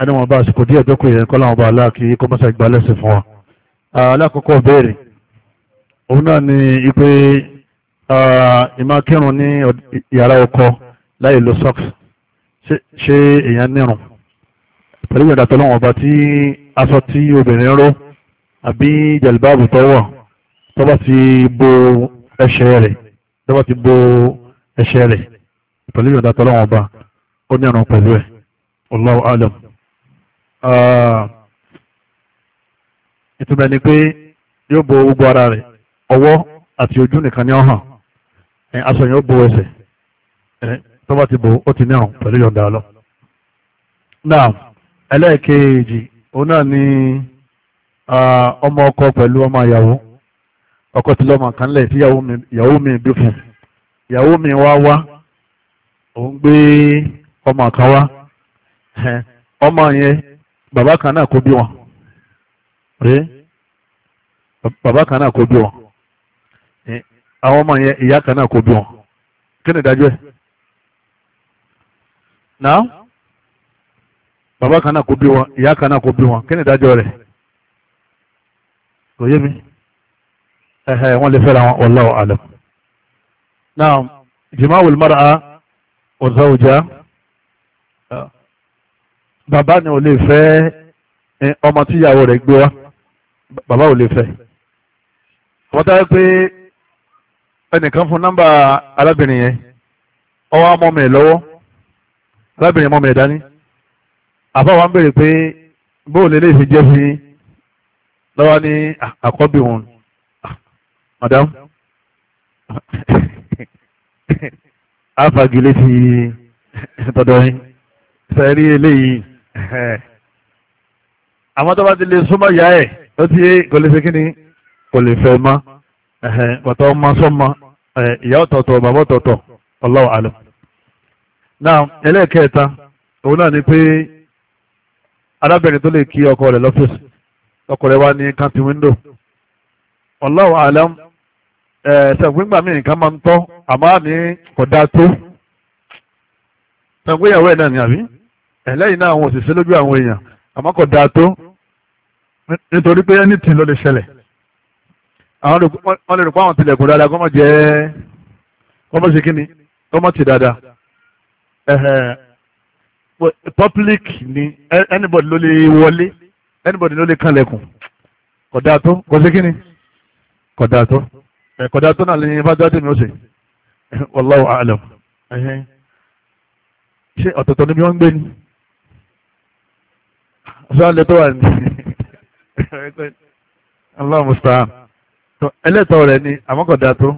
ẹni wọn bá àsìkò díẹ̀ dọ́kùn yẹn kọ́ láwọn bá aláàkí kó mọ́sá ìgbà lẹ́sìn fún wa alákọ̀ọ́kọ́ béèrè òun náà ni ipe ìmá kírun ní yàrá ọkọ láì lo socks ṣé èèyàn nírun pẹ̀lú ìyàdàtọ̀ lọ́wọ́n ọba tí aṣọ tí obìnrin ró àbí jàlbáàbù tọ́wọ̀ tọ́ba ti bo ẹsẹ̀ rẹ̀ tọ́ba ti bo ẹsẹ̀ rẹ̀ pẹ̀lú ìyàdàtọ̀ lọ́wọ́n ọba ó nírun pẹ̀lú ẹ̀ Allahu alam Ah, ìtumọ̀ ni pé yóò bo gbogbo ara rẹ̀ ọwọ́ àti ojú nìkan ní ọ̀hàn aṣọ yẹn bo ẹsẹ̀ tó bá ti bò ó ti ní àwọn pẹ̀lú yọ̀ǹda náà ẹlẹ́ẹ̀kejì òun náà ni ọmọ ọkọ pẹ̀lú ọmọ ìyàwó ọkọ ti lọ́mọ kan si tí mi bí fún ìyàwó mi wá wá òun gbé ọmọ kan wá ọmọ yẹn bàbá kan náà kó bí wọn rèé bàbá kan náà kó bí wọn àwọn ọmọ yẹn ìyá kan náà kó bí wọn kí ni ìdájọ́ ẹ̀ náà bàbá kan náà kó bí wọn ìyá kan náà kó bí wọn kí ni ìdájọ́ rẹ̀ kò yé mi ẹ̀hẹ̀ wọ́n lè fẹ́ra wọn wallahu alam náà jima'ul mar'a wa bàbá ni ò lè fẹ́ eh, ọmọ tí ìyàwó rẹ̀ gbé wá bàbá ò lè fẹ́ àwọn tá a pé ẹnìkan fún nọ́mbà arábìnrin yẹn ọwọ́ amọ́mọ ẹ̀ lọ́wọ́ arábìnrin mọ́mọ ẹ̀ dání àbá wa ń béèrè pé bóun lè lè fi jẹ́ sí lọ́wọ́ ní àkọ́bí òun madam àfagilé ti tọ́dọ̀ yín sẹ́rí eléyìí. àmọ́ tó bá ti lè súnmọ́ ìyá ẹ̀ ó ti kò lè ṣe kí ni kò lè fẹ́ mọ́ bàtọ́ ọmọ sọ́mọ ìyá ọ̀tọ̀ọ̀tọ̀ bàbá ọ̀tọ̀ọ̀tọ̀ ọkọ rẹ̀ lọ́fíìsì ọkọ rẹ̀ wá ní kàntì wíńdò Allahu alam ẹ̀lẹ́yìn náà àwọn òṣìṣẹ́ lójú àwọn èèyàn àmọ́ kò dáa tó nítorí pé anything ló lè ṣẹlẹ̀ àwọn wọ́n lè rò pé àwọn tilẹ̀kùn dáadáa kọ́mọ jẹ́ kọ́mọ ṣe kíni kọ́mọ ti dáadáa public ni anybody ló lè wọlé anybody ló lè kànlẹ̀kùn kò dáa tó kò ṣe kíni kò dáa tó kò dáa tó náà lè bá dáa tèmi ó ṣe wallahu a'lam ṣé ọ̀tọ̀ọ̀tọ̀ níbi wọ́n ń gbé ni sọ́ọ́lẹ̀ tó wà ní aláàmùsà ẹlẹ́tọ̀ rẹ̀ ni àmọ́kọ̀dá tó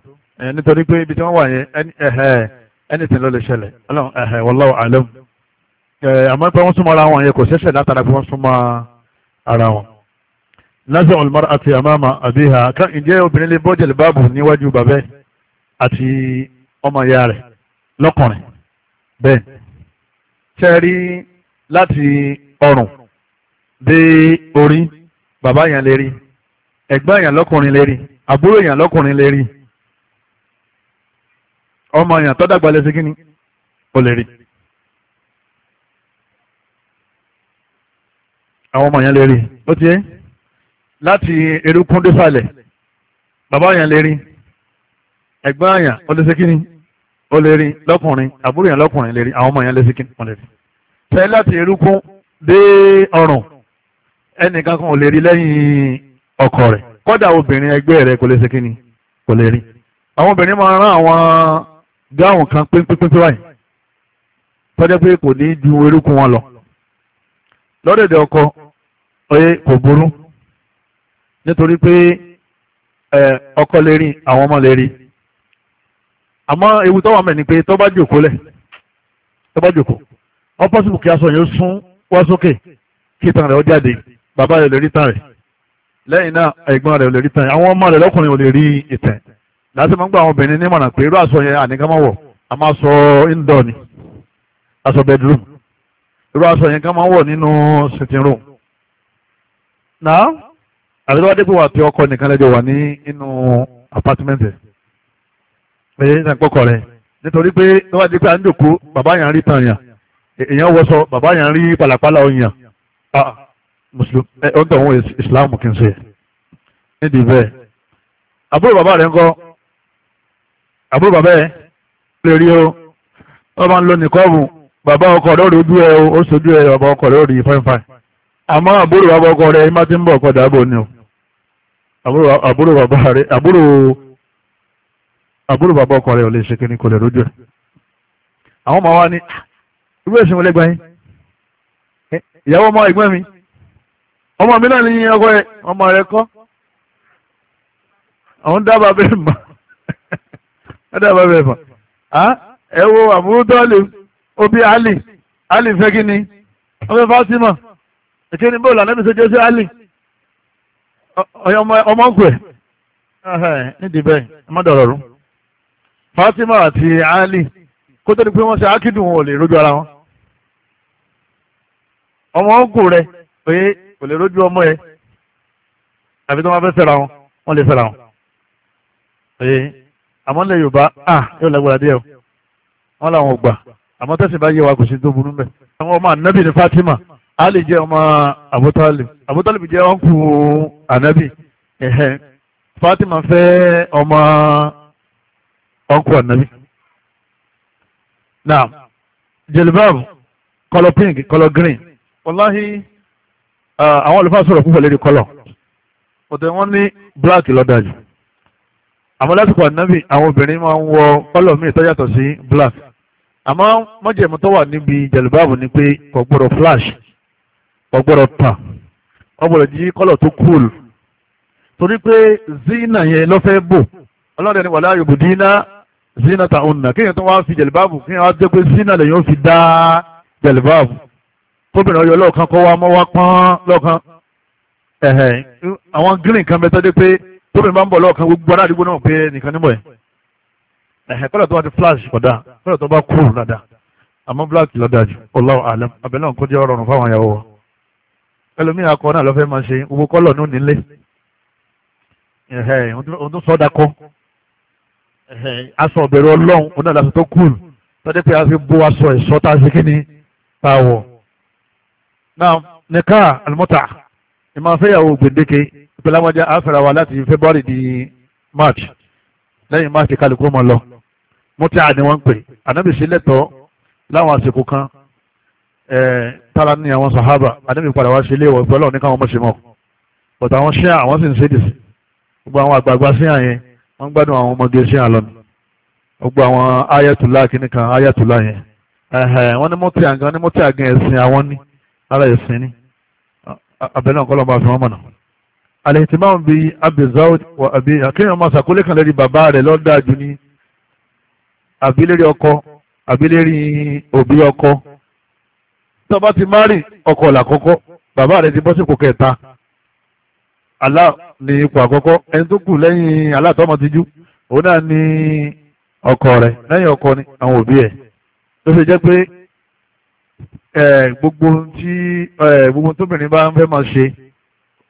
nítorí pé ibi tí wọ́n wà yẹn ẹ̀hẹ́ anything ló lè ṣẹlẹ̀ ọlọ́run ẹ̀hẹ́ wallahu alam àmọ́ pé wọ́n súnmọ́ ara wọn yẹn kò ṣẹ̀ṣẹ̀ látara pé wọ́n súnmọ́ ara wọn. lásán olùmọ́ra àti àmàmà àbíhà ká ǹjẹ́ obìnrin lè bọ́jẹ̀lì báàbù níwájú bàbẹ́ àti ọmọ ìyá rẹ̀ lọ́kùnrin bẹ́ẹ̀ ṣe rí láti ọrùn dé orí bàbá yẹn lè rí ẹ̀gbọ́n yẹn lọ́kùnrin lè rí àbúrò yẹn lọ́kùnrin lè rí ọmọ yẹn tó dàgbà lẹ́sìn kínní ó lè rí. àwọn ọmọ yẹn lè rí ó ti yé láti erékún désàlẹ̀ bàbá yẹn lè rí ẹ̀gbọ́n yẹn ó lẹ́sìn kínní ó lè rí lọ́kùnrin àbúrò yẹn lọ́kùnrin lè rí àwọn ọmọ yẹn lẹ́sìn kínní ó lè rí. fẹ́ láti erékún dé ọrùn ẹnìkan kan ò lè rí lẹ́yìn ọkọ rẹ̀ kọ́dà obìnrin ẹgbẹ́ rẹ̀ kò lè ṣe kíni kò lè rí àwọn obìnrin máa rán àwọn gáwọn kan pínpínpínpín báyìí tọ́jọ́ pé kò ní ju erékùn wọn lọ lọ́dẹ̀dẹ̀ ọkọ oye kò burú nítorí pé ọkọ lè rí àwọn ọmọ lè rí àmọ́ ewu tó wà mẹ́ ni pé tó bá jòkó lẹ̀ tó bá jòkó ọ pọ́sibù kí aṣọ yẹn sún wá sókè kí ìtàn rẹ̀ ó jáde bàbá rẹ̀ lè rí tàn rẹ̀ lẹ́yìn náà ẹ̀gbọ́n rẹ̀ lè rí tàn rẹ̀ àwọn ọmọ rẹ̀ lọ́kùnrin ò lè rí ìtàn láti máa ń gba àwọn obìnrin nímọ̀ràn pé irú aṣọ yẹn àníkà a máa sọ indoor ni aṣọ bedroom irú aṣọ yẹn ká máa wọ̀ nínú sitting room náà àdúrà dépò wà tí ọkọ nìkan lẹ́jọ́ wà ní inú apartment ẹ̀ ẹ̀yẹ́ ní àpọ̀kọ̀ rẹ̀ nítorí pé níwájú pé à ń jòkó bàbá yẹn rí tàn yàn èèyàn wọṣọ bàbá yẹn rí pàlàpàlà ọ̀yàn ah, mùsùlùmí ọ̀tọ̀ òun ìsìláàmù kì í ṣe nídìí bẹ́ẹ̀ àbúrò bàbá rẹ̀ ń kọ́ àbúrò bàbá ẹ̀ lè rí o wọ́n máa ń lo nìkọ́ọ̀bù bàbá ọkọ rẹ̀ ojú ó bàbá ọkọ fáìfáì àbúrò bàbá ọkọ ti ń dàbò ni o àbúrò bàbá àbúrò àbúrò bàbá ọkọ ò lè ṣe kíní àwọn ọmọ wa ah, irú eh, ìyàwó ọmọ mi ọmọ mi náà ní ọkọ yẹn ọmọ rẹ kọ́ àwọn dábàá bẹ́ẹ̀ mọ́ wọ́n dábàá bẹ́ẹ̀ mọ́ ẹ wo àmúrúdọ́ọ̀lì obi ali ali fẹ́ kí ni wọ́n fẹ́ Fatima èké ni bóòlù ànábì sọ́jọ́ sí ali ọmọ ń pè nídìí bẹ́ẹ̀ ẹ má dọ̀rọ̀ rú Fatima àti ali kó tó di pé wọ́n ṣe ákídùn wọn ò lè rójú ara wọn ọmọ ń rẹ pé kò lè rójú ọmọ ẹ àfi tó máa fẹ́ fẹ́ra wọn wọ́n lè fẹ́ra wọn. ẹ̀yẹ àmọ́ ilẹ̀ yorùbá à yóò lágbára díẹ̀ o wọ́n làwọn ò gbà àmọ́ tẹ̀sí bá yẹ wa kò sí tó burú mẹ́. àwọn ọmọ anabi ni fatima ali jẹ́ ọmọ abutali abutali jẹ́ ọ̀nkù anabi fatima fẹ́ ọmọ ọ̀nkù anabi. naam jelibab kọlọ pink kọlọ green wàláhi. Ah, àwọn olùfà sọ̀rọ̀ púpọ̀ lérí kọ́lọ̀ ọ̀tẹ̀ wọ́n ní black lọ́dàjù àmọ́ lásìkò ànábì àwọn obìnrin máa ń wọ kọ́lọ̀ míì tó yàtọ̀ sí black àmọ́ mọ́jẹ̀mú tó wà níbi jẹ̀lúbáàbù ni pé kò gbọ́dọ̀ flash kò gbọ́dọ̀ tà kò gbọ́dọ̀ jí kọ́lọ̀ tó cool torí pé zina yẹn lọ́fẹ́ bò ọlọ́dẹ ni wàlá yòbùdínà zina ta òun nà kéèyàn tó wá fi jẹ̀lúbáàbù kéèyàn wá jẹ́ pé zina lè yóò fi dá jẹ̀lúbáàbù kóbìnrin ọyọ lọ́ọ̀kan kọ́ wa mọ́ wa pọ́n lọ́ọ̀kan àwọn green kan bẹ tọ́jú pé tóbìnrin bá ń bọ̀ lọ́ọ̀kan gbogbo ará àdúgbò náà pé nìkan níbọ̀ ẹ̀ kọ́lọ̀ tó bá ti flash kọ̀dá kọ́lọ̀ tó bá cool dáadáa àmọ́ black lọ́dà jù Allahu alam abẹ́ náà kó jẹ́ ọ̀rọ̀ ọ̀rùn fáwọn ìyàwó wa ẹlòmíì akọ náà lọ́fẹ́ máa ṣe owó kọ́lọ̀ ní onílé òun tó sọ́dà kọ́ aṣọ ọ̀bẹ̀rẹ̀ ọlọ́run òun náà lásán tó cool tọ́jú pé a fi bó aṣọ ẹ̀ṣọ́ tá a ṣe kí ni tá a wọ̀ náà nìka àlùmọ́tà ìmọ̀fẹ́yàwó gbèdéke ìpẹ́lámọ́já àfẹ́ra wa láti february di march lẹ́yìn march kálukú mọ̀ lọ mọ́tà ni wọ́n ń pè ànábì sí lẹ́tọ̀ọ́ láwọn àsìkò kan tára ní àwọn sàhábà ànábì padà wá sí ilé ìwọ̀ ìpẹ́lọ́ ní káwọn mọ̀ṣẹ́ mọ̀ bọ̀tà àwọn ṣíà àwọn sì ń ṣèdì sí gbogbo àwọn àgbààgbà sí àyẹn wọ́n gbádùn àwọn ọmọge sí àlọ́nù gbogbo àwọn ayatollah kìnnìkan ayatollah yẹn wọ́n ní mọ́tì àgàn ní mọ́tì àgàn ẹ̀sìn àwọn ara ẹ̀sìn ni abẹ́lẹ́ ọ̀kọ́ lọ́mọ àfihàn mọ̀nà alẹ́tìmáwọn bíi abizawud wà àbí akéèyàn máa ṣàkólé kan lẹ́rí bàbá rẹ̀ lọ́dà jù ní àbílérí ọkọ àbílérí òbí ọkọ tọba ti má rìn ọkọ làkọ́kọ́ bàbá rẹ̀ ti bọ́ sípò kẹta alá ní ipò àkọ́kọ́ ẹni tó kù lẹ́yìn alátọ́mọ ti jú òun náà ní ọkọ rẹ̀ lẹ́yìn ọkọ ni àwọn òbí ẹ̀ tó fi jẹ́ pé gbogbo tí gbogbo tóbìnrin bá ń fẹ́ máa ṣe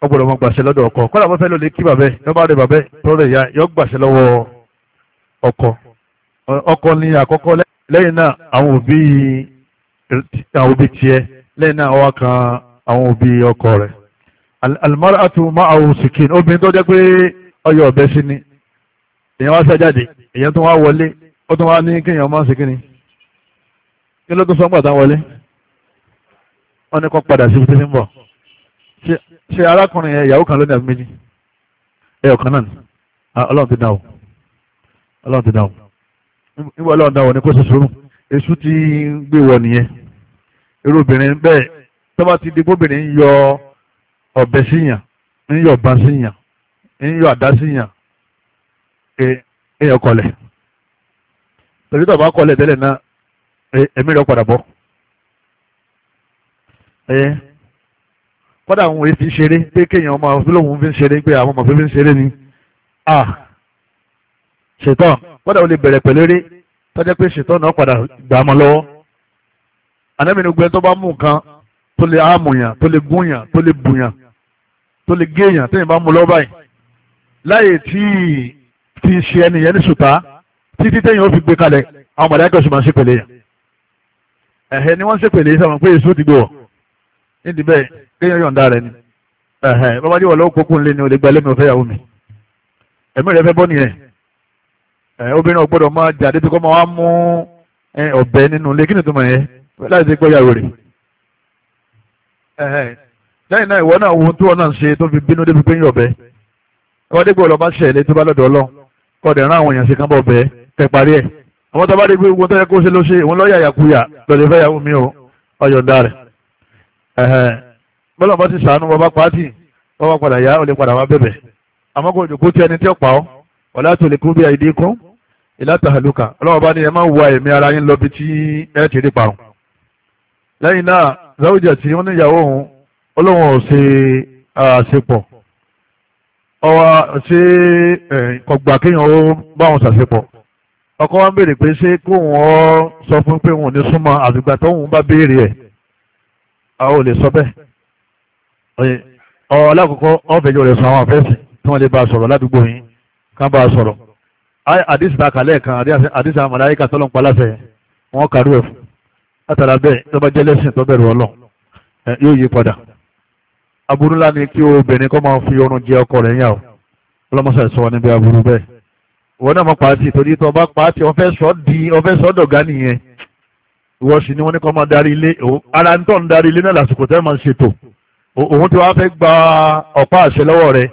ọgbọ̀dọ̀ máa gbàṣẹ lọ́dọ̀ ọkọ kọ́lá bọ́ fẹ́ ló lè kí bàbẹ́ lọ́ba rẹ̀ bàbẹ́ tọ́rọ̀ ìyá yọ gbàṣẹ lọ́wọ́ ọkọ ọkọ ni àkọ́kọ́ lẹ́yìn náà àwọn òbí àwọn òbí tiẹ̀ lẹ́yìn náà ọwọ́ kan àwọn òbí ọkọ rẹ̀ almaratu ma'ahu sikin obìnrin tó jẹ́ pé ọyọ ọ̀bẹ sí ni èèyàn wá sẹ́jáde èèyàn tó wá wọlé ó tó wá ní kéèyàn máa ń ṣe kíni kí ló tó sọ́ngbà táwọn wọlé wọ́n ní kó padà sí ibi tí ń bọ̀ ṣe arákùnrin yẹn kan lónìí náà ni ah, ọlọ́run ti dá o ọlọ́run ti dá o níbo ọlọ́run ṣe sùúrù èṣù ti gbé wọ nìyẹn irú obìnrin bẹ́ẹ̀ tó ti di bóbìnrin ń yọ ọ̀bẹ síyàn ń yọ síyàn ń ẹ kọ́dà àwọn èyí fi ń ṣeré pé kéèyàn ọmọ ọ̀fílòhùn fi ń ṣeré pé àwọn ọmọ fi ń ṣeré ni a ṣètọ́n kọ́dà ó lè bẹ̀rẹ̀ pẹ̀lú eré tọ́jẹ́ pé ṣètọ́n náà padà gbà mọ́ lọ́wọ́ ànábìnrin gbẹ tó bá mú nǹkan tó lè áàmùyàn tó lè gúnyàn tó lè bùyàn tó lè géèyàn téèyàn bá mú lọ́wọ́ báyìí láyè tí ti ṣe ẹnìyẹn ní sùtá títí téèyàn ó fi gbé kalẹ̀ àwọn mọ̀lẹ́kọ̀ọ́sùn nídìí bẹ́ẹ̀ kéèyàn yọ̀ǹda rẹ̀ ni bàbá díwọ̀ lọ́wọ́ kókó ńlẹ̀ ni o lè gba ẹlẹ́mi ọ̀fẹ́ yàwó mi ẹ̀mí rẹ̀ fẹ́ bọ́ nìyẹn obìnrin ọ̀gbọ́dọ̀ máa jà débi kọ́ máa wá mú ọ̀bẹ nínú ilé kí ni ìtumọ̀ yẹn láti ti gbọ́ yàwó rẹ̀ lẹ́yìn náà ìwọ náà wo tí wọ́n náà ń ṣe tó fi bínú débi pé ń yọ̀bẹ wọ́n dégbò lọ́ba ṣẹlẹ̀ tó bá lọ́dọ̀ ọlọ́ kọ́ dẹ̀ rán àwọn èèyàn sí kán bọ̀ bẹ́ẹ̀ tẹ̀ parí ẹ̀ àwọn tó bá dé pé wọ́n tó yẹ kó ṣe ló ṣe òun lọ́ọ́ yà yàkuyà fẹ́ yàwó mi ò ọ̀yọ̀ǹda rẹ̀ bọ́lá bá ti sànú bàbá pàtì bàbá padà yá olè padà wá bẹ̀bẹ̀ àmọ́ kò jòkó tí ẹni tí ó pa ọ́ ọ̀là tó lè kú bí àìdí kún ìlà tàhálùkà ọlọ́wọ́ bá ní ẹ máa ń wa ẹ̀mí ara yín lọ bí tí ẹ ti rí parun. lẹ́yìn náà tí wọ́n níyàwó òun olóhùn àṣepọ̀ ọwọ́ ṣé ọkọ wa ń béèrè pé ṣé kóun àwọn olè sọ bẹ́ẹ̀ ọlákòókò ọ̀fẹ́jọ́ rẹ̀ sọ àwọn àfẹ́sì tí wọ́n lè bá sọ̀rọ̀ ládùúgbò yín kán bá sọ̀rọ̀ àdìsí ta kàlẹ́ kan àdìsí àwọn màláíkà tọ́lọ̀ ń paláṣẹ wọn kàrú ẹ̀ fún látara bẹ́ẹ̀ tó bá jẹ́ lẹ́sìn tó bẹ̀rù ọlọ́ yóò yí padà aburú ńlá ni kí obìnrin kọ́ máa fi oorun jẹ ọkọ rẹ̀ yà ó ọlọ́mọṣà sọ wọn níbi aburú bẹ́ẹ̀ wọn ìwọ sì ni wọ́n ní kọ́ máa darí ilé ara ń tọ́ ń darí ilé náà lásìkò tẹ́ máa ń ṣètò òun tí wàá fẹ́ gba ọ̀pá àṣẹ lọ́wọ́ rẹ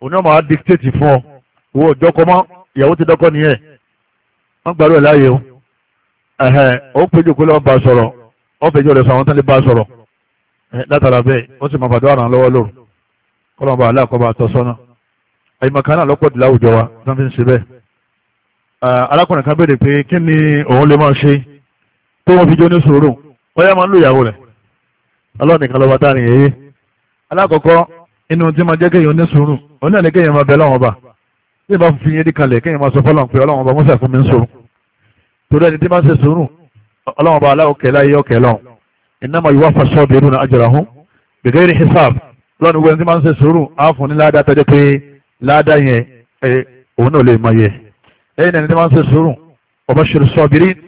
òun náà máa dictate fún ọ ìwọ òjọ́ kọ́ mọ́ ìyàwó ti dọ́kọ́ nìyẹn wọ́n gbàdúrà ẹ̀ láàyè o ó péjọ pé lọ́wọ́ bá a sọ̀rọ̀ ó péjọ rẹ̀ sọ àwọn tán lè bá a sọ̀rọ̀ látara bẹ́ẹ̀ ó sì máa bàdó àràn lọ́wọ́ lóru kọ́lọ́mọba aláàkọ́ba tó wọ́n fi jó ní sòrò bóyá máa ń lo ìyàwó rẹ̀ ọlọ́run nìkan lọ́ba tá a rìn èyí alákọ̀ọ́kọ́ inú tí máa jẹ́ kéèyàn ní sòrò òun náà ni kéèyàn máa bẹ lọ́wọ́n ọba tí ìbá fi yẹn dí kalẹ̀ kéèyàn máa sọ fọlọ́n pé ọlọ́run ọba mọ́sà fún mi ń sòrò torí ẹni tí máa ń ṣe sòrò ọlọ́run ọba aláwọ̀kẹ́ láyé ọ̀kẹ́ lọ́hùn innama yuwaffa máa ń ṣe sòrò á náà lè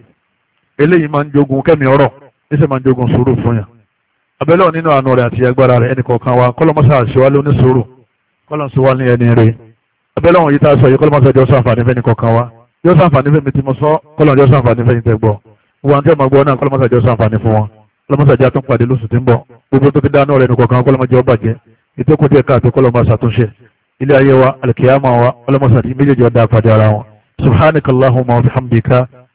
eléyìí máa ń jogun kẹ́mi ọ̀rọ̀ ẹsẹ̀ máa ń jogun sùúrù fún yàn abẹ́lẹ́ nínú àánú rẹ̀ àti agbára rẹ̀ ẹnì kọ̀ọ̀kan wa kọ́lọ́mọ́sá àṣewá ló ní sùúrù kọ́lọ́mọ́sá wà ní ẹni rẹ̀ abẹ́lẹ́ wọn yìí tá a sọ yìí kọ́lọ́mọ́sá jọ sàǹfààní fẹ́ni kọ̀ọ̀kan wa jọ sàǹfààní fẹ́mi tí mo sọ kọ́lọ́mọ́sá jọ sàǹfààní fẹ́ni tẹ́ gbọ́ wọn àti ọmọ gbọ́ náà kọ́lọ́mọ́sá jọ sàǹfààní fún wọn kọ́lọ́mọ́sá jẹ́ àtúnpàdé lóṣù tí ń bọ̀ gbogbo tó ti dáná rẹ̀ nìkọ̀ọ̀kan kọ́lọ́mọ́sá jọ bàjẹ́ ìtọ́kùn díẹ̀ káàtó kọ́lọ́mọ́sá túnṣe ilé ayé wa alkiyama wa kọ́lọ́mọ́sá ti méjèèjì ọ̀dà àpàdé ara wọn subhanakallahumma wa bihamdika